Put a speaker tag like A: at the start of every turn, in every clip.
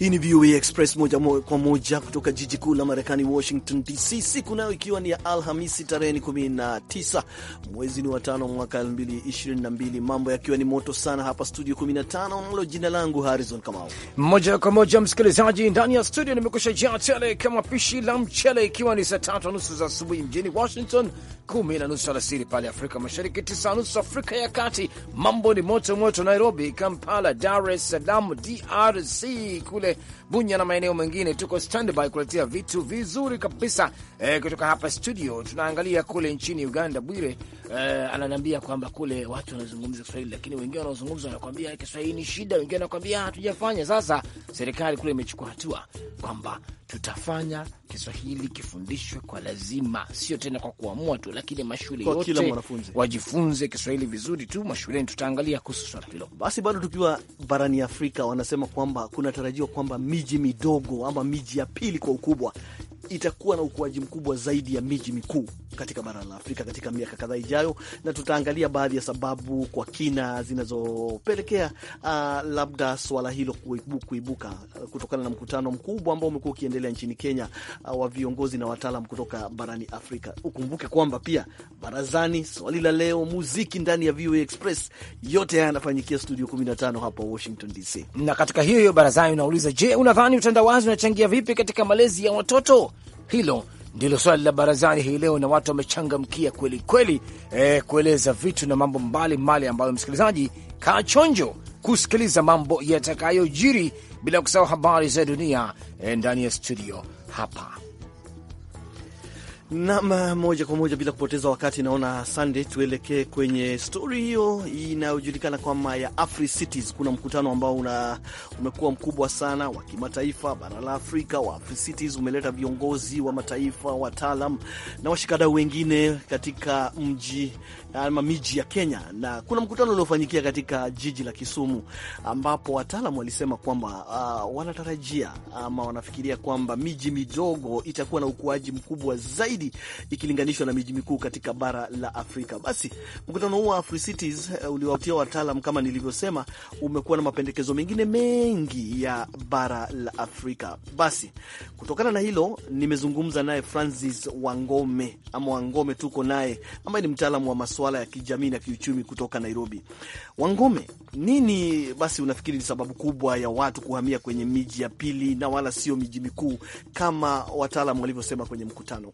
A: Hii ni VOA Express moja kwa moja kutoka jiji kuu la Marekani, Washington DC, siku nayo ikiwa ni ya Alhamisi tarehe 19 mwezi ni wa tano mwaka 2022, mambo yakiwa ni moto sana hapa studio 15 mlo. Jina langu Harrison Kamau.
B: Moja kwa moja msikilizaji, ndani ya studio nimekusha jaa tele kama pishi la mchele, ikiwa ni saa tatu nusu za asubuhi mjini Washington kumi na nusu alasiri pale Afrika Mashariki, tisa na nusu Afrika ya Kati. Mambo ni moto moto Nairobi, Kampala, Dar es Salaam, DRC, kule Bunya na maeneo mengine. Tuko standby kuletea vitu vizuri kabisa e, kutoka hapa studio. Tunaangalia kule nchini Uganda. Bwire eh, ananiambia kwamba kule watu wanazungumza Kiswahili, lakini wengine wanaozungumza wanakwambia Kiswahili ni shida, wengine wanakwambia hatujafanya. Sasa serikali kule imechukua hatua kwamba tutafanya Kiswahili kifundishwe kwa lazima, sio tena kwa kuamua tu, lakini mashule yote wajifunze
A: Kiswahili vizuri tu mashuleni. Tutaangalia kuhusu swala hilo. Basi bado tukiwa barani Afrika, wanasema kwamba kunatarajiwa kwamba miji midogo ama miji ya pili kwa ukubwa itakuwa na ukuaji mkubwa zaidi ya miji mikuu katika bara la Afrika katika miaka kadhaa ijayo, na tutaangalia baadhi ya sababu kwa kina zinazopelekea uh, labda swala hilo kuibu, kuibuka ah, kutokana na mkutano mkubwa ambao umekuwa ukiendelea nchini Kenya uh, wa viongozi na wataalam kutoka barani Afrika. Ukumbuke kwamba pia barazani, swali la leo, muziki ndani ya VOA Express, yote haya yanafanyikia studio 15 hapa Washington DC. Na
B: katika hiyo hiyo barazani unauliza, je, unadhani utandawazi unachangia vipi katika malezi ya watoto? Hilo ndilo swali la barazani hii leo, na watu wamechangamkia kweli kweli, eh, kueleza vitu na mambo mbalimbali ambayo msikilizaji kaa chonjo kusikiliza mambo yatakayojiri, bila kusahau habari za dunia eh, ndani ya studio hapa
A: Nam, moja kwa moja bila kupoteza wakati, naona Sunday, tuelekee kwenye stori hiyo inayojulikana kwama ya Afri Cities. Kuna mkutano ambao una umekuwa mkubwa sana wa kimataifa bara la Afrika. Wa Afri Cities umeleta viongozi wa mataifa, wataalam na washikadau wengine katika mji ama miji ya Kenya, na kuna mkutano uliofanyikia katika jiji la Kisumu, ambapo wataalam walisema kwamba uh, wanatarajia ama wanafikiria kwamba miji midogo itakuwa na ukuaji mkubwa zaidi zaidi ikilinganishwa na miji mikuu katika bara la Afrika. Basi mkutano huu wa AfriCities eh, uliowatia wataalam kama nilivyosema, umekuwa na mapendekezo mengine mengi ya bara la Afrika. Basi kutokana na hilo, nimezungumza naye Francis Wangome ama Wangome, tuko naye ambaye ni mtaalamu wa masuala ya kijamii na kiuchumi kutoka Nairobi. Wangome, nini basi unafikiri ni sababu kubwa ya watu kuhamia kwenye miji ya pili na wala sio miji mikuu kama wataalam walivyosema kwenye mkutano?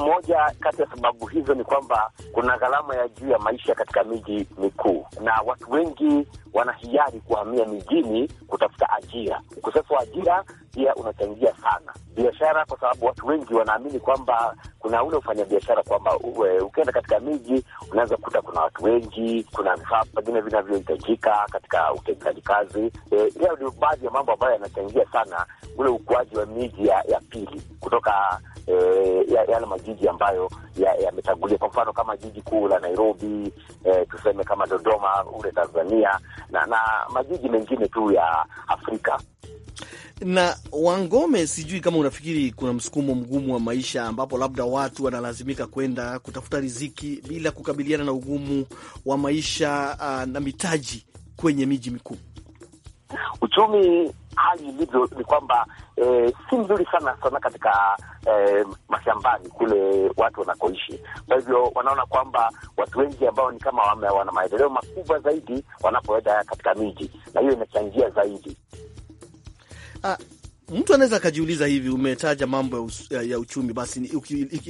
C: Moja kati ya sababu hizo ni kwamba kuna gharama ya juu ya maisha katika miji mikuu, na watu wengi wanahiari kuhamia mijini kutafuta ajira. Ukosefu wa ajira pia unachangia sana biashara, kwa sababu watu wengi wanaamini kwamba kuna ule ufanya biashara kwamba ukienda katika miji unaweza kukuta kuna watu wengi, kuna vifaa pengine vinavyohitajika katika utendaji kazi. E, hiyo e, ndio baadhi ya mambo ambayo yanachangia sana ule ukuaji wa miji ya, ya pili kutoka eh, yale ya majiji ambayo yametangulia ya, kwa mfano kama jiji kuu la Nairobi eh, tuseme kama Dodoma ule Tanzania na, na majiji mengine tu ya Afrika
A: na Wangome, sijui kama unafikiri kuna msukumo mgumu wa maisha ambapo labda watu wanalazimika kwenda kutafuta riziki bila kukabiliana na ugumu wa maisha uh, na mitaji kwenye miji mikuu.
C: Uchumi hali ilivyo ni kwamba e, si mzuri sana sana katika e, mashambani kule watu wanakoishi. Kwa hivyo wanaona kwamba watu wengi ambao ni kama wame, wana maendeleo makubwa zaidi wanapoenda katika miji, na hiyo inachangia zaidi.
A: Ah, mtu anaweza akajiuliza hivi, umetaja mambo ya uchumi, basi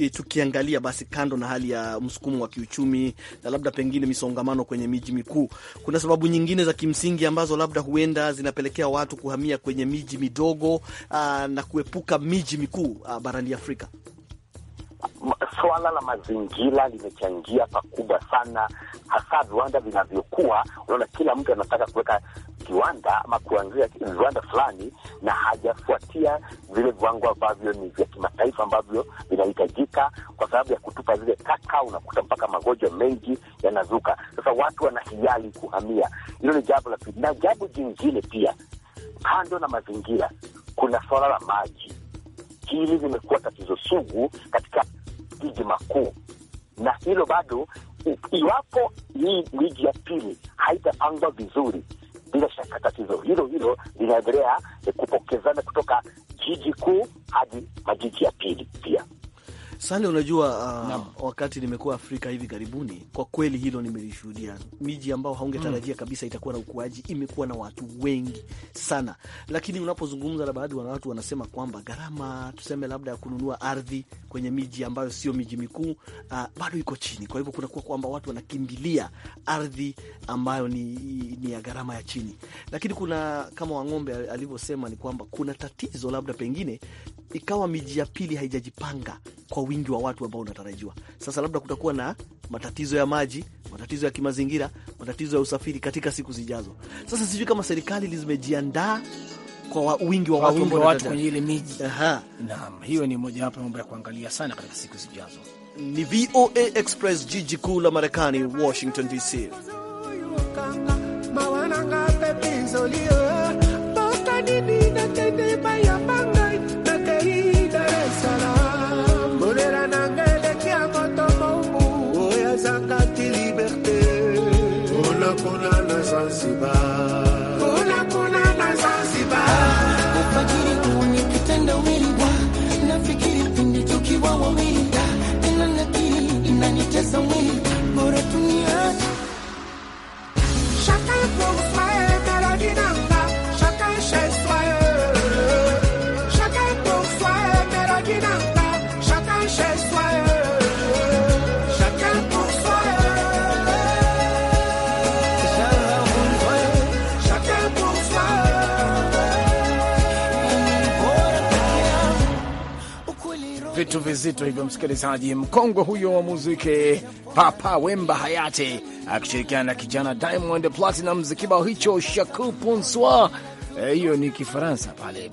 A: tukiangalia basi, kando na hali ya msukumo wa kiuchumi na labda pengine misongamano kwenye miji mikuu, kuna sababu nyingine za kimsingi ambazo labda huenda zinapelekea watu kuhamia kwenye miji midogo aa, ah, na kuepuka miji mikuu ah, barani Afrika.
C: Swala la mazingira limechangia pakubwa sana, hasa viwanda vinavyokuwa. Unaona, kila mtu anataka kuweka kiwanda ama kuanzia viwanda fulani, na hajafuatia vile viwango ambavyo ni vya kimataifa ambavyo vinahitajika, kwa sababu ya kutupa zile taka, unakuta mpaka magonjwa mengi yanazuka. Sasa watu wanahiari kuhamia, hilo ni jambo la pili. Na jambo jingine pia, kando na mazingira, kuna swala la maji. Hili limekuwa tatizo sugu katika miji makuu, na hilo bado iwapo hii miji ya pili haitapangwa vizuri, bila shaka tatizo hilo hilo linaendelea eh, kupokezana kutoka jiji kuu hadi majiji ya pili pia.
A: Sale, unajua uh, wakati nimekuwa Afrika hivi karibuni, kwa kweli hilo nimelishuhudia. Miji ambao haungetarajia mm. kabisa itakuwa na ukuaji, imekuwa na watu wengi sana, lakini unapozungumza na baadhi wana watu wanasema kwamba gharama tuseme labda ya kununua ardhi kwenye miji ambayo sio miji mikuu uh, bado iko chini. Kwa hivyo kunakuwa kwamba watu wanakimbilia ardhi ambayo ni, ni ya gharama ya chini, lakini kuna kama Wang'ombe alivyosema ni kwamba kuna tatizo labda pengine ikawa miji ya pili haijajipanga kwa wingi wa watu ambao unatarajiwa. Sasa labda kutakuwa na matatizo ya maji, matatizo ya kimazingira, matatizo ya usafiri katika siku zijazo. Sasa sijui kama serikali zimejiandaa kwa wa, wingi wa kwa watu, wa watu kwenye ile miji. Aha. Naam, hiyo ni moja wapo mambo ya kuangalia sana katika siku zijazo. Ni VOA Express, jiji kuu la Marekani, Washington DC.
D: una
B: vitu vizito hivyo, msikilizaji. Mkongwe huyo wa muziki Papa Wemba hayati akishirikiana na kijana Diamond Platinumz, kibao hicho shaku ponsoi.
A: Eh, hiyo e, ni Kifaransa
B: pale,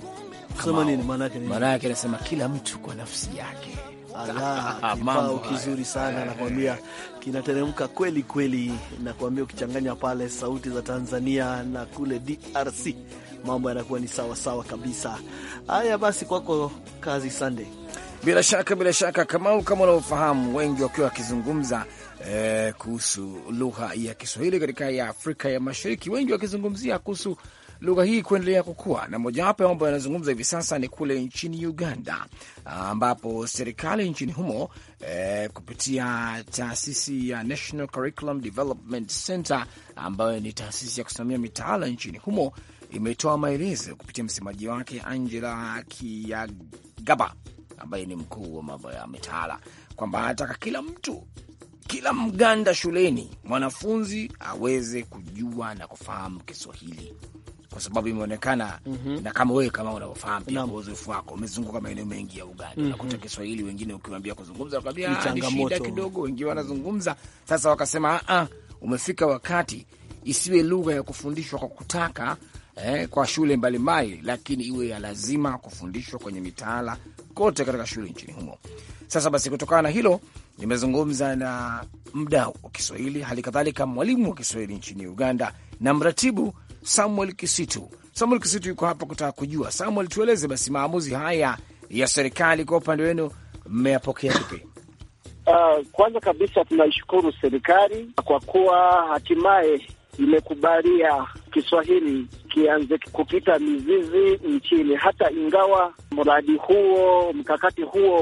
B: maana yake anasema
A: kila mtu kwa nafsi yake. Ah, kibao kizuri sana nakwambia, kinateremka kweli kweli, nakwambia ukichanganya pale sauti za Tanzania na kule DRC mambo yanakuwa ni sawasawa kabisa. Haya basi, kwako kazi Sunday. Bila shaka, bila shaka, Kamau, kama unavyofahamu, wengi wakiwa wakizungumza eh, kuhusu
B: lugha ya Kiswahili katika ya Afrika ya Mashariki, wengi wakizungumzia kuhusu lugha hii kuendelea kukua, na mojawapo ya mambo yanazungumza hivi sasa ni kule nchini Uganda, ambapo serikali nchini humo eh, kupitia taasisi ya National Curriculum Development Center ambayo ni taasisi ya kusimamia mitaala nchini humo imetoa maelezo kupitia msemaji wake Angela Kiagaba ambaye ni mkuu wa mambo ya mitaala, kwamba anataka kila mtu, kila Mganda shuleni, mwanafunzi aweze kujua na kufahamu Kiswahili kwa sababu imeonekana mm -hmm. na kama wewe kama unavyofahamu pia kwa uzoefu wako umezunguka maeneo mengi ya Uganda mm -hmm. nakuta Kiswahili, wengine ukiwaambia kuzungumza wakaambia ah, ni shida kidogo, wengine wanazungumza sasa, wakasema a, ah, ah, umefika wakati isiwe lugha ya kufundishwa kwa kutaka eh, kwa shule mbalimbali, lakini iwe ya lazima kufundishwa kwenye mitaala kote katika shule nchini humo. Sasa basi, kutokana na hilo nimezungumza na mdau wa Kiswahili, hali kadhalika mwalimu wa Kiswahili nchini Uganda na mratibu Samuel Kisitu. Samuel Kisitu yuko hapa kutaka kujua. Samuel, tueleze basi maamuzi haya ya serikali kwa upande wenu mmeyapokea vipi?
E: Uh, kwanza kabisa tunaishukuru serikali kwa kuwa hatimaye imekubalia Kiswahili kianze kupita mizizi nchini, hata ingawa mradi huo, mkakati huo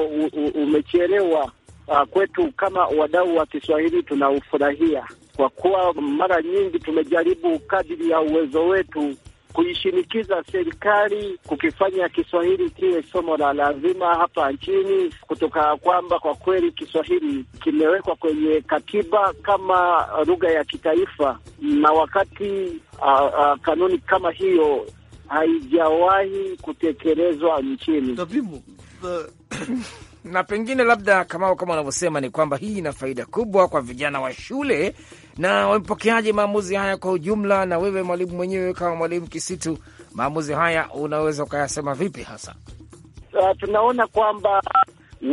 E: umechelewa. Uh, kwetu kama wadau wa Kiswahili tunaufurahia kwa kuwa mara nyingi tumejaribu kadiri ya uwezo wetu kuishinikiza serikali kukifanya Kiswahili kiwe somo la lazima hapa nchini, kutoka kwamba kwa kweli Kiswahili kimewekwa kwenye katiba kama lugha ya kitaifa, na wakati a, a, kanuni kama hiyo haijawahi kutekelezwa nchini
B: na pengine labda kama kama wanavyosema ni kwamba hii ina faida kubwa kwa vijana wa shule. Na wamepokeaje maamuzi haya kwa ujumla? Na wewe mwalimu mwenyewe kama mwalimu Kisitu, maamuzi haya unaweza ukayasema vipi hasa?
E: Uh, tunaona kwamba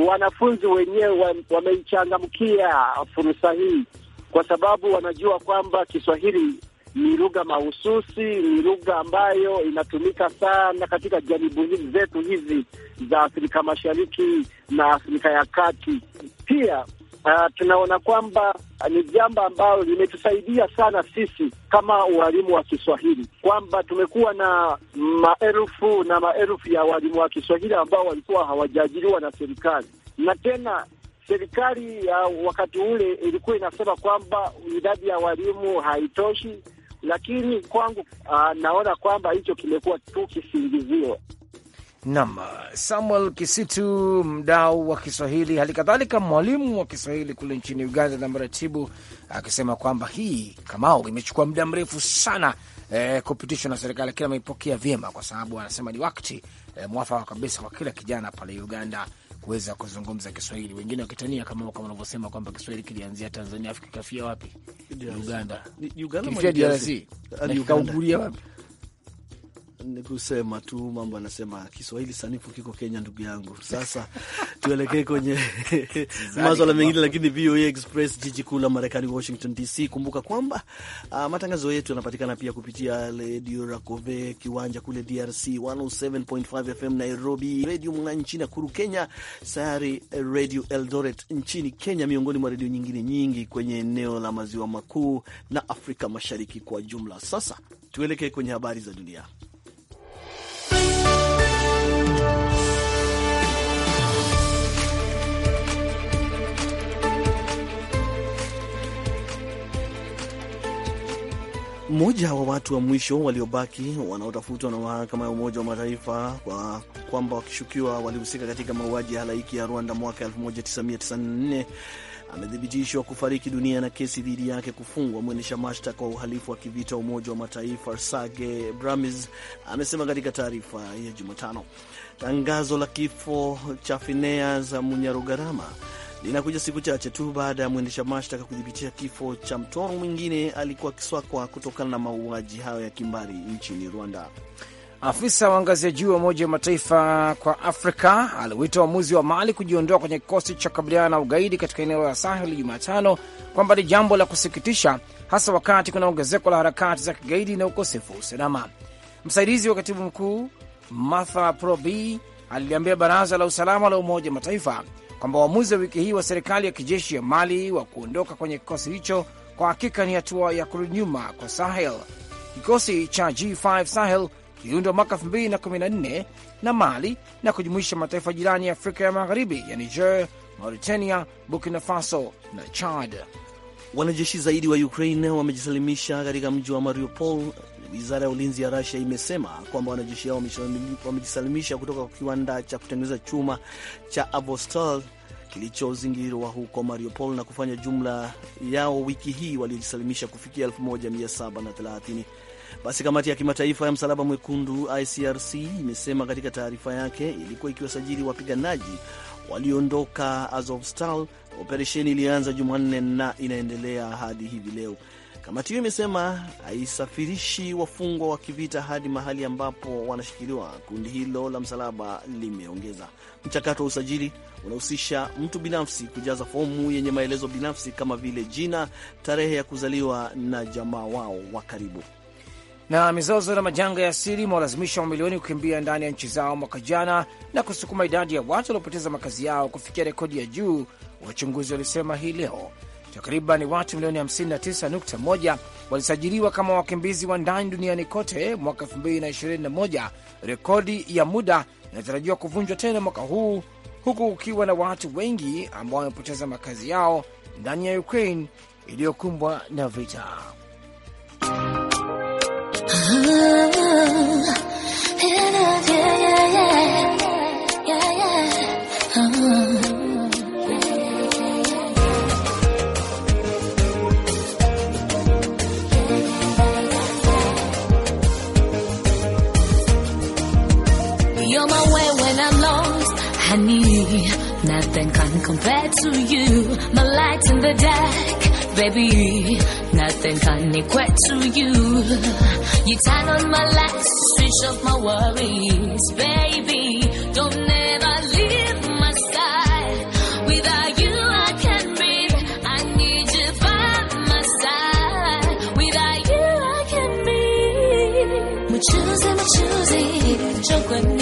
E: wanafunzi wenyewe wameichangamkia fursa hii kwa sababu wanajua kwamba Kiswahili ni lugha mahususi, ni lugha ambayo inatumika sana katika jamii zetu hizi za Afrika Mashariki na Afrika ya Kati. Pia uh, tunaona kwamba ni jambo ambalo limetusaidia sana sisi kama walimu wa Kiswahili kwamba tumekuwa na maelfu na maelfu ya walimu wa Kiswahili ambao walikuwa hawajaajiriwa na serikali na tena serikali ya wakati ule ilikuwa inasema kwamba idadi ya walimu haitoshi, lakini kwangu uh, naona kwamba hicho kimekuwa tu kisingizio.
B: Nam Samuel Kisitu, mdau wa Kiswahili, hali kadhalika mwalimu wa Kiswahili kule nchini Uganda na mratibu, akisema kwamba hii kamao imechukua muda mrefu sana eh, kupitishwa na serikali, lakini ameipokea vyema, kwa sababu anasema ni wakati eh, mwafaka kabisa kwa kila kijana pale Uganda kuweza kuzungumza Kiswahili, wengine wakitania kama kama unavyosema kwamba Kiswahili kilianzia Tanzania afu kikafia wapi? Uganda, Uganda, DRC, wapi?
A: ni kusema tu mambo, anasema Kiswahili sanifu kiko Kenya, ndugu yangu. Sasa tuelekee kwenye maswala mengine, lakini VOA Express, jiji kuu la Marekani, Washington DC. Kumbuka kwamba uh, matangazo yetu yanapatikana pia kupitia redio Racove Kiwanja kule DRC 107.5 FM Nairobi, redio Mwananchi Nakuru Kenya, sayari eh, redio Eldoret nchini Kenya, miongoni mwa redio nyingine nyingi kwenye eneo la maziwa makuu na Afrika Mashariki kwa jumla. Sasa tuelekee kwenye habari za dunia. Mmoja wa watu wa mwisho waliobaki wanaotafutwa na mahakama ya Umoja wa Mataifa kwa kwamba wakishukiwa walihusika katika mauaji ya halaiki ya Rwanda mwaka 1994 amethibitishwa kufariki dunia na kesi dhidi yake kufungwa. Mwendesha mashtaka wa uhalifu wa kivita wa Umoja wa Mataifa Sage Bramis amesema katika taarifa ya Jumatano tangazo la kifo cha Phineas Munyarugarama linakuja siku chache tu baada ya mwendesha mashtaka kuthibitisha kifo cha mtoro mwingine alikuwa kiswakwa kutokana na mauaji hayo ya kimbari nchini Rwanda.
B: Afisa wa ngazi ya juu wa Umoja wa Mataifa kwa Afrika aliwita uamuzi wa Mali kujiondoa kwenye kikosi cha kukabiliana na ugaidi katika eneo la Saheli Jumatano kwamba ni jambo la kusikitisha, hasa wakati kuna ongezeko la harakati za kigaidi na ukosefu wa usalama. Msaidizi wa katibu mkuu Martha Probi aliliambia Baraza la Usalama la Umoja wa Mataifa kwamba uamuzi wa wiki hii wa serikali ya kijeshi ya Mali wa kuondoka kwenye kikosi hicho kwa hakika ni hatua ya kurudi nyuma kwa Sahel. Kikosi cha G5 Sahel kiliundwa mwaka 2014 na Mali na kujumuisha mataifa jirani ya Afrika ya Magharibi ya
A: Niger, Mauritania, Burkina Faso na Chad. Wanajeshi zaidi wa Ukraine wamejisalimisha katika mji wa Mariupol Wizara ya ulinzi ya rasia imesema kwamba wanajeshi hao wamejisalimisha kutoka kwa kiwanda cha kutengeneza chuma cha Avostal kilichozingirwa huko Mariupol na kufanya jumla yao wiki hii waliojisalimisha kufikia 1730. Basi kamati ya kimataifa ya msalaba mwekundu ICRC imesema katika taarifa yake ilikuwa ikiwasajili wapiganaji walioondoka Azovstal. Operesheni ilianza Jumanne na inaendelea hadi hivi leo. Kamati hiyo imesema haisafirishi wafungwa wa kivita hadi mahali ambapo wanashikiliwa, kundi hilo la Msalaba limeongeza. Mchakato wa usajili unahusisha mtu binafsi kujaza fomu yenye maelezo binafsi kama vile jina, tarehe ya kuzaliwa na jamaa wao wa karibu. Na mizozo na majanga ya asili imewalazimisha
B: mamilioni kukimbia ndani ya nchi zao mwaka jana na kusukuma idadi ya watu waliopoteza makazi yao kufikia rekodi ya juu, wachunguzi walisema hii leo. Takriban watu milioni 59.1 walisajiliwa kama wakimbizi wa ndani duniani kote mwaka 2021. Rekodi ya muda inatarajiwa kuvunjwa tena mwaka huu, huku ukiwa na watu wengi ambao wamepoteza makazi yao ndani ya Ukraine iliyokumbwa na vita. Ah,
F: compared to you. My light in the dark, baby. Nothing can equate to you. You turn on my lights, switch off my worries, baby. Don't never leave my side. Without you, I can't breathe. I need you by my side. Without you, I can't breathe. We're choosing, we're choosing.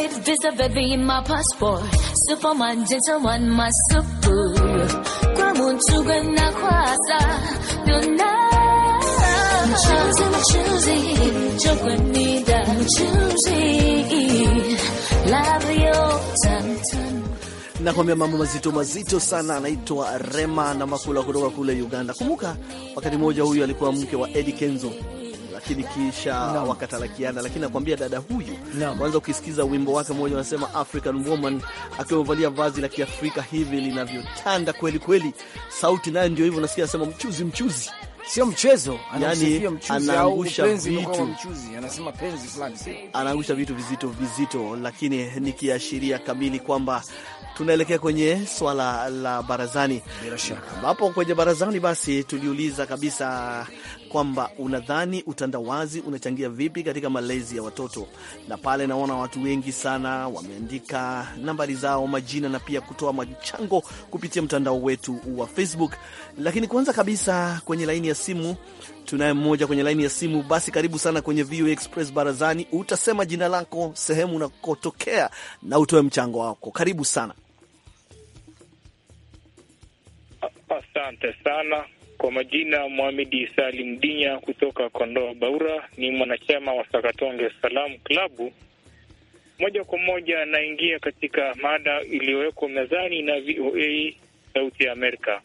F: Red visa baby in my passport. Superman, gentleman, my super. Kwa munchuga na kwasa. Dona. I'm choosing, I'm choosing. Chokwe nida. I'm choosing. Love you, tantan.
A: Nakwambia mambo mazito mazito sana. Anaitwa Rema na Makula kutoka kule Uganda. Kumbuka wakati mmoja huyu alikuwa mke wa Eddie Kenzo lakini kisha no. wakatalakiana. Lakini nakwambia dada huyu no. kwanza, ukisikiza wimbo wake mmoja unasema African Woman, akiwa amevalia vazi la Kiafrika hivi linavyotanda kweli kweli, sauti nayo ndio hivyo, nasikia anasema mchuzi mchuzi Sio mchezo, yaani, anaangusha yani, vitu vizito vizito, lakini nikiashiria kamili kwamba tunaelekea kwenye swala la barazani, ambapo kwenye barazani basi tuliuliza kabisa kwamba unadhani utandawazi unachangia vipi katika malezi ya watoto, na pale naona watu wengi sana wameandika nambari zao, majina na pia kutoa machango kupitia mtandao wetu wa Facebook. Lakini kwanza kabisa kwenye laini ya simu tunaye mmoja kwenye laini ya simu. Basi karibu sana kwenye VOA Express barazani, utasema jina lako, sehemu unakotokea na utoe mchango wako. Karibu sana.
G: Asante sana. Kwa majina Mohamed Salim Dinya kutoka Kondoa Baura, ni mwanachama wa Sakatonge Salam Klabu. Moja kwa moja anaingia katika mada iliyowekwa mezani na VOA Sauti ya Amerika.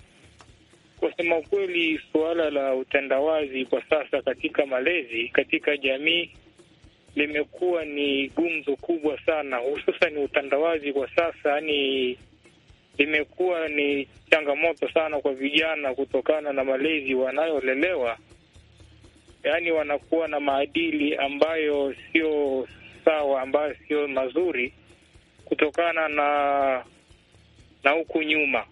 G: Kusema ukweli, suala la utandawazi kwa sasa katika malezi katika jamii limekuwa ni gumzo kubwa sana, hususan utandawazi kwa sasa ni limekuwa ni changamoto sana kwa vijana kutokana na malezi wanayolelewa, yaani wanakuwa na maadili ambayo sio sawa, ambayo sio mazuri kutokana na na huku nyuma.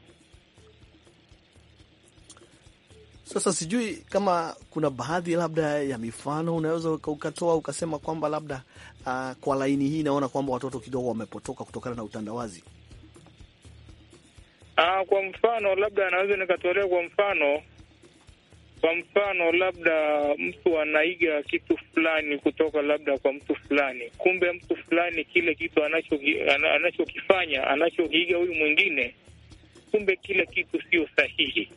A: Sasa sijui kama kuna baadhi labda ya mifano unaweza ukatoa ukasema kwamba labda, uh, kwa laini hii naona kwamba watoto kidogo wamepotoka kutokana na utandawazi.
G: Ah, kwa mfano labda anaweza nikatolea kwa mfano kwa mfano labda mtu anaiga kitu fulani kutoka labda kwa mtu fulani, kumbe mtu fulani kile kitu anachokifanya anachokiiga huyu mwingine, kumbe kile kitu sio sahihi.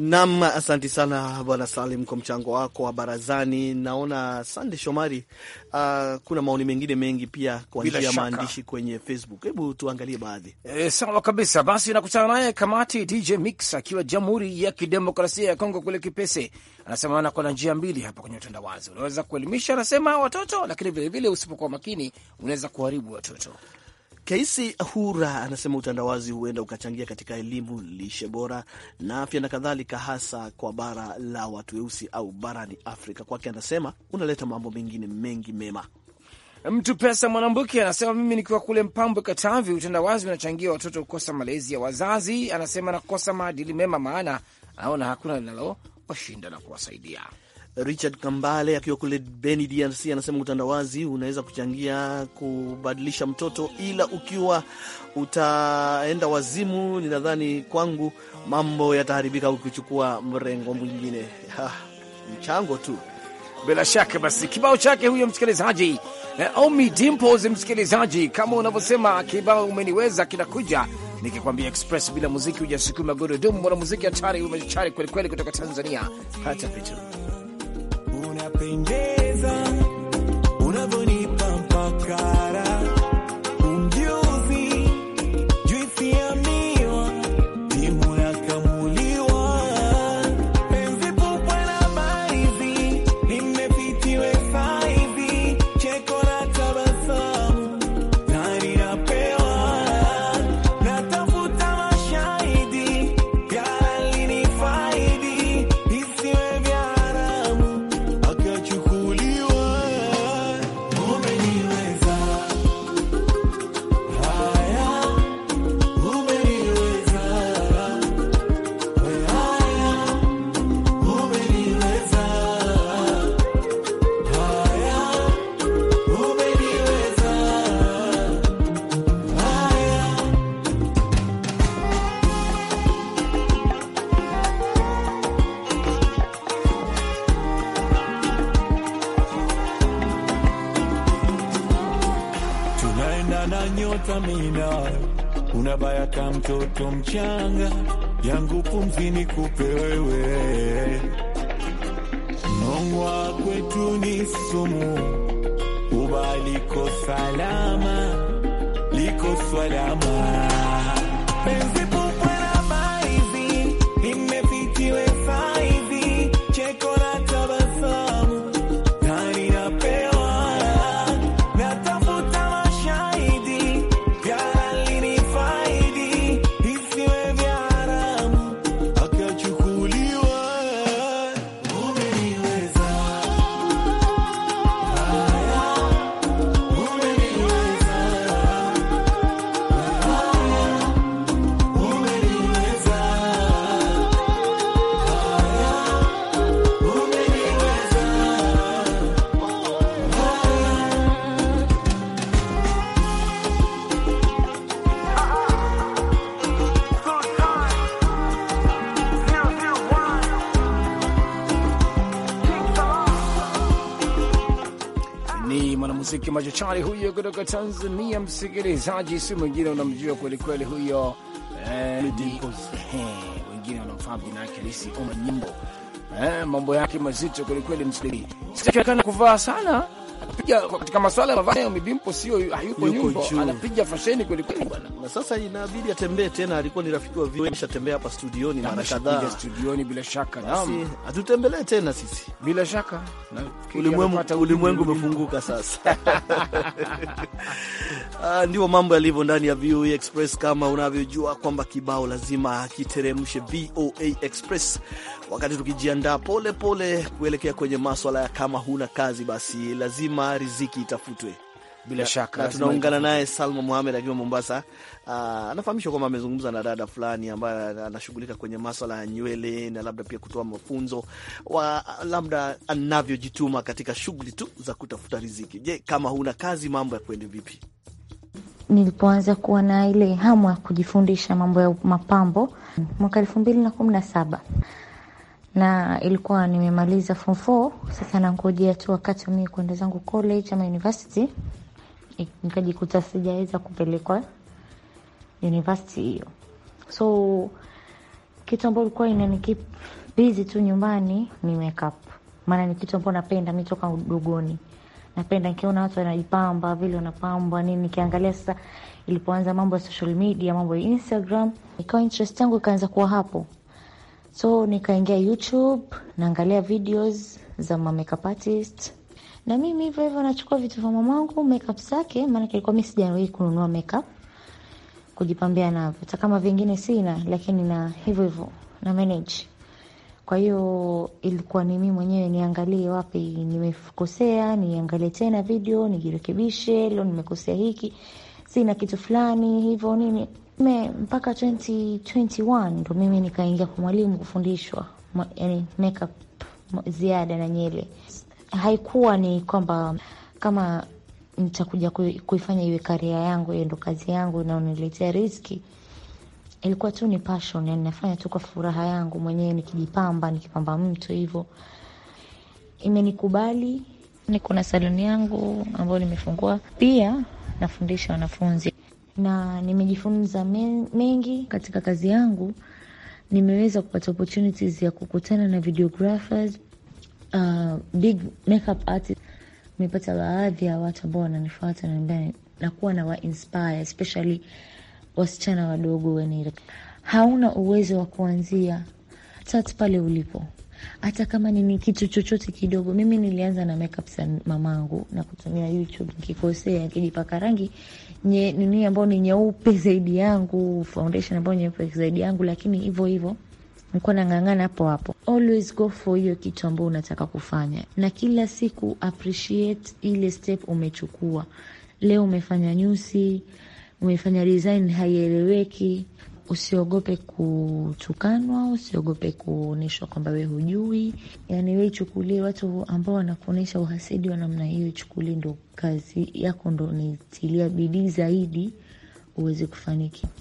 A: Nam, asanti sana Bwana Salim kwa mchango wako wa barazani. Naona Sande Shomari, uh, kuna maoni mengine mengi pia kwa njia ya maandishi kwenye Facebook. Hebu tuangalie baadhi. E, sawa kabisa. Basi nakutana naye Kamati DJ Mix akiwa Jamhuri ya
B: Kidemokrasia ya Kongo kule Kipese, anasema ana kuna njia mbili hapa kwenye utandawazi, unaweza kuelimisha,
A: anasema watoto, lakini vilevile usipokuwa makini unaweza kuharibu watoto. Kaisi Hura anasema utandawazi huenda ukachangia katika elimu, lishe bora na afya na kadhalika, hasa kwa bara la watu weusi au barani Afrika. Kwake anasema unaleta mambo mengine mengi mema. Mtu Pesa Mwanambuke anasema mimi nikiwa kule Mpambwe, Katavi,
B: utandawazi unachangia watoto kukosa malezi ya wazazi, anasema na kukosa maadili mema, maana
A: anaona hakuna linalo washinda na kuwasaidia. Richard Kambale akiwa kule Beni, DRC, anasema utandawazi unaweza kuchangia kubadilisha mtoto, ila ukiwa utaenda wazimu, ninadhani kwangu mambo yataharibika ukichukua mrengo mwingine. Mchango tu bila shaka. Basi kibao
B: chake huyo msikilizaji Naomi eh, Dimples, msikilizaji, kama unavyosema kibao umeniweza kinakuja nikikwambia express bila muziki hujasukuma gurudumu. Mwanamuziki hatari umechari kwelikweli, kutoka Tanzania, hata vitu
D: They vitamina, una bayaka mtoto mchanga yangu pumzi kupewewe wewe, nongwa kwetu ni sumu, uba liko salama, liko salama penzi
B: mwanamuziki machachari huyo kutoka Tanzania. Msikilizaji, si mwingine unamjua kwelikweli huyo, eh, eh, wengine wanamfahamu jina yake lisi kama Nyimbo. Eh, mambo yake mazito kwelikweli, Msikili sitakiwekana kuvaa sana katika masuala ya mavazi. mibimpo, sio hayupo nyumba, anapiga fasheni kwelikweli bwana
A: sana. Sasa inabidi atembee tena, alikuwa ni rafiki wa VOA, ameshatembea hapa studioni mara kadhaa studioni. Bila shaka basi atutembelee tena sisi, bila shaka ulimwengu umefunguka sasa. Ah, ndio mambo yalivyo ndani ya VOA Express, kama unavyojua kwamba kibao lazima kiteremshe VOA Express wakati tukijiandaa pole pole kuelekea kwenye maswala ya kama huna kazi, basi lazima riziki itafutwe bila na, shaka na tunaungana naye Salma Muhamed akiwa Mombasa. Anafahamishwa ah, kwamba amezungumza na dada fulani ambaye anashughulika kwenye maswala ya nywele na labda pia kutoa mafunzo wa labda anavyojituma katika shughuli tu za kutafuta riziki. Je, kama huna kazi mambo ya kuende vipi?
H: Nilipoanza kuwa na ile hamu ya kujifundisha mambo ya mapambo mwaka elfu mbili na kumi na saba na ilikuwa nimemaliza form 4 sasa, nangojea tu wakati wa mimi kwenda zangu college ama university nikajikuta sijaweza kupelekwa university hiyo. So kitu ambayo ilikuwa inanikeep busy tu nyumbani ni makeup, maana ni kitu ambayo napenda mimi toka udogoni napenda nikiona watu wanajipamba vile wanapambwa nini, nikiangalia sasa. Ilipoanza mambo ya social media, mambo ya Instagram, ikawa interest yangu ikaanza kuwa hapo, so nikaingia YouTube naangalia videos za ma makeup artists na mimi hivyo hivyo nachukua vitu vya mamangu, makeup zake, maana kilikuwa mimi sijawahi kununua makeup kujipambia navyo. Hata kama vingine sina, lakini na hivyo hivyo na manage. Kwa hiyo ilikuwa ni mimi mwenyewe niangalie wapi nimekosea, niangalie tena video, nijirekebishe, leo nimekosea hiki. Sina kitu fulani hivyo nini. Me, mpaka 2021 ndo mimi nikaingia kwa mwalimu kufundishwa, yani makeup ziada na nyele haikuwa ni kwamba kama nitakuja kuifanya iwe karia yangu, hiyo ndo kazi yangu inaoniletea riski. Ilikuwa tu ni passion, yani nafanya tu kwa furaha yangu mwenyewe, nikijipamba, nikipamba mtu hivyo. Imenikubali, niko na saluni yangu ambayo nimefungua, pia nafundisha wanafunzi na nimejifunza mengi katika kazi yangu. Nimeweza kupata opportunities ya kukutana na videographers uh, big makeup artist. Nimepata baadhi ya watu ambao wananifuata wananiambia nakuwa na wa especially wasichana wadogo wenye hauna uwezo wa kuanzia tat pale ulipo, hata kama ni kitu chochote kidogo. Mimi nilianza na makeup za mamangu na kutumia YouTube, nikikosea nikijipaka rangi nye nini ambayo ni nyeupe zaidi yangu, foundation ambayo nyeupe zaidi yangu, lakini hivyo hivyo nilikuwa nang'ang'ana hapo hapo. Always go for hiyo kitu ambayo unataka kufanya, na kila siku appreciate ile step umechukua. Leo umefanya nyusi, umefanya design haieleweki, usiogope kutukanwa, usiogope kuonyeshwa kwamba we hujui. Yani we ichukulie watu ambao wanakuonyesha uhasidi wa namna hiyo, ichukulie ndo kazi yako, ndo nitilia bidii zaidi uweze kufanikiwa.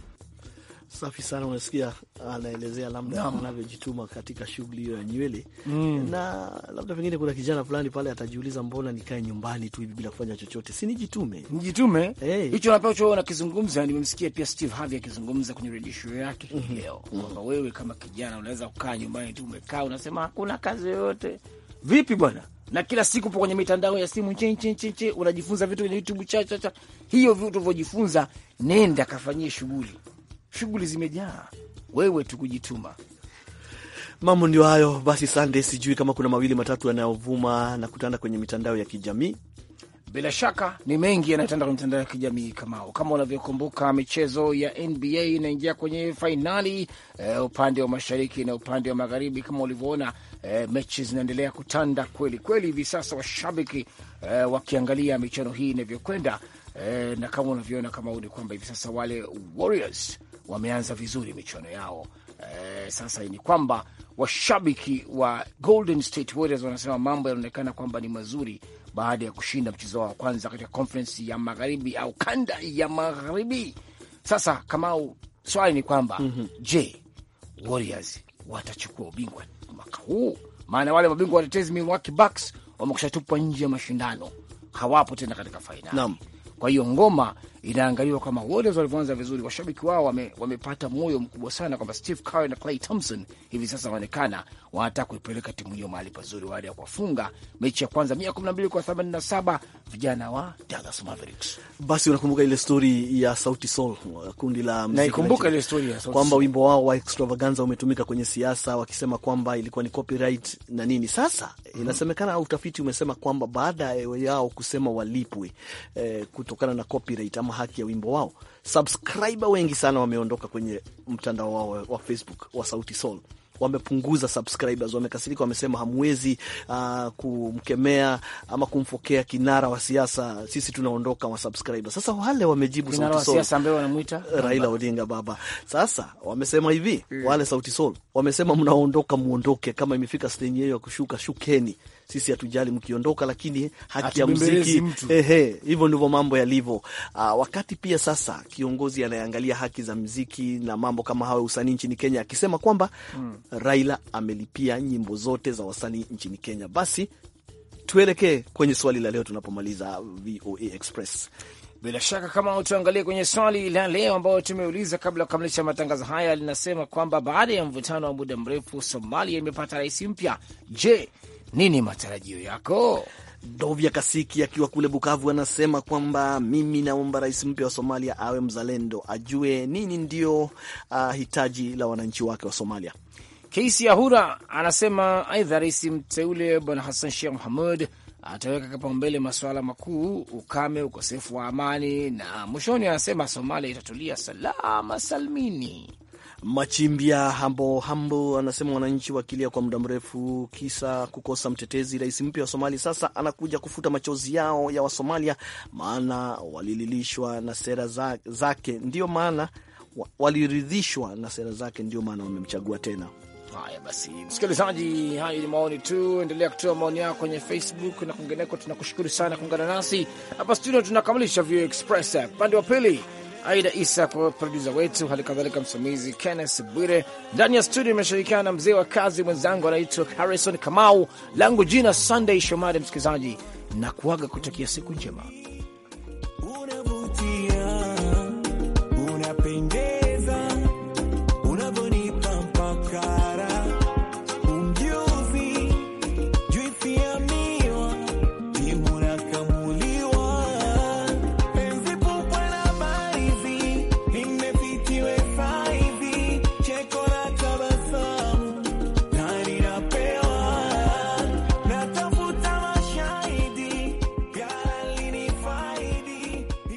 A: Safi sana, unasikia anaelezea labda anavyojituma katika shughuli hiyo ya nywele mm. na labda pengine kuna kijana fulani pale atajiuliza, mbona nikae nyumbani tu hivi bila kufanya chochote? Si nijitume, nijitume eh. hicho
B: hey. Napecho nakizungumza, nimemsikia pia Steve Harvey akizungumza kwenye redisho yake mm -hmm. leo kwamba mm -hmm. wewe kama kijana unaweza kukaa nyumbani tu, umekaa unasema hakuna kazi yoyote, vipi bwana na kila siku po kwenye mitandao ya simu nchi nchi nchi nchi unajifunza vitu kwenye YouTube cha cha cha. Hiyo vitu ulivyojifunza, nenda kafanyie shughuli shughuli zimejaa, wewe tu kujituma.
A: Mambo ndio hayo. Basi Sande, sijui kama kuna mawili matatu yanayovuma na kutanda kwenye mitandao ya kijamii. Bila shaka ni mengi yanayotanda kwenye mitandao ya kijamii Kamao. Kama unavyokumbuka, michezo
B: ya NBA inaingia kwenye fainali eh, upande wa mashariki na upande wa magharibi. Kama ulivyoona, eh, mechi zinaendelea kutanda kweli kweli hivi sasa, washabiki eh, wakiangalia michano hii inavyokwenda eh, na kama unavyoona Kamao ni kwamba hivi sasa wale Warriors wameanza vizuri michuano yao. E, sasa ni kwamba washabiki wa Golden State Warriors wanasema mambo yanaonekana kwamba ni mazuri baada ya kushinda mchezo wa kwanza katika conference ya magharibi au kanda ya magharibi. Sasa Kamau, swali ni kwamba mm -hmm. Je, Warriors watachukua ubingwa mwaka huu? Maana wale mabingwa watetezi Milwaukee Bucks wamekusha tupwa nje ya mashindano, hawapo tena katika fainali. Kwa hiyo ngoma inaangaliwa kama Warriors walivyoanza vizuri, washabiki wao wame, wamepata moyo mkubwa sana kwamba Steve Curry na clay Thompson hivi sasa wanaonekana wanataka kuipeleka timu hiyo mahali pazuri baada ya kuwafunga mechi ya kwanza 112 kwa 87 vijana wa Dallas Mavericks.
A: Basi unakumbuka ile stori ya Sauti Sol, kundi la naikumbuka ile stori ya Sauti kwamba wimbo wao wa Extravaganza umetumika kwenye siasa, wakisema kwamba ilikuwa ni copyright na nini. Sasa mhm. inasemekana au utafiti umesema kwamba baada yao kusema walipwe eh, kutokana na copyright kama haki ya wimbo wao. Subscriber wengi sana wameondoka kwenye mtandao wao wa Facebook wa Sauti Sol wamepunguza subscribers, wamekasirika, wamesema hamwezi uh, kumkemea ama kumfokea kinara wa siasa, sisi tunaondoka wa subscribers. Sasa wale wamejibu Sauti siasa ambaye wanamuita Raila Odinga baba. Sasa wamesema hivi, mm, wale Sauti Sol wamesema mnaondoka, muondoke, kama imefika stage yenu ya kushuka, shukeni sisi hatujali mkiondoka, lakini haki ya muziki. Ehe, hivyo ndivyo mambo yalivyo. Ah, wakati pia sasa kiongozi anayeangalia haki za muziki na mambo kama hayo usanii nchini Kenya akisema kwamba hmm, Raila amelipia nyimbo zote za wasanii nchini Kenya. Basi tuelekee kwenye swali la leo tunapomaliza VOA Express. Bila shaka kama tuangalie kwenye swali la leo ambayo
B: tumeuliza kabla ya kukamilisha matangazo haya, linasema kwamba baada ya mvutano wa muda mrefu Somalia
A: imepata rais mpya. Je, nini matarajio yako? Dovya Kasiki akiwa kule Bukavu anasema kwamba mimi naomba rais mpya wa Somalia awe mzalendo, ajue nini ndio uh, hitaji la wananchi wake wa Somalia. Keisi Ahura
B: anasema aidha, rais mteule Bwana Hassan Sheikh Mohamud ataweka kipaumbele masuala makuu, ukame, ukosefu wa amani, na mwishoni anasema Somalia itatulia
A: salama salmini. Machimbia Hambo Hambo anasema wananchi wakilia kwa muda mrefu kisa kukosa mtetezi. Rais mpya wa Somalia sasa anakuja kufuta machozi yao ya Wasomalia, maana walililishwa na sera za, zake ndio maana waliridhishwa na sera zake, ndio maana wamemchagua tena. Haya basi,
B: msikilizaji, hayo ni maoni tu. Endelea kutoa maoni yako kwenye Facebook na kwingineko. Tunakushukuru sana kuungana nasi hapa studio. Tunakamilisha VOA Express upande wa pili Aida Isa produsa wetu, hali kadhalika msimamizi Kenneth Bwire. Ndani ya studio imeshirikiana na mzee wa kazi mwenzangu anaitwa Harrison Kamau, langu jina Sunday Shomari. Msikilizaji na kuaga kutakia siku njema.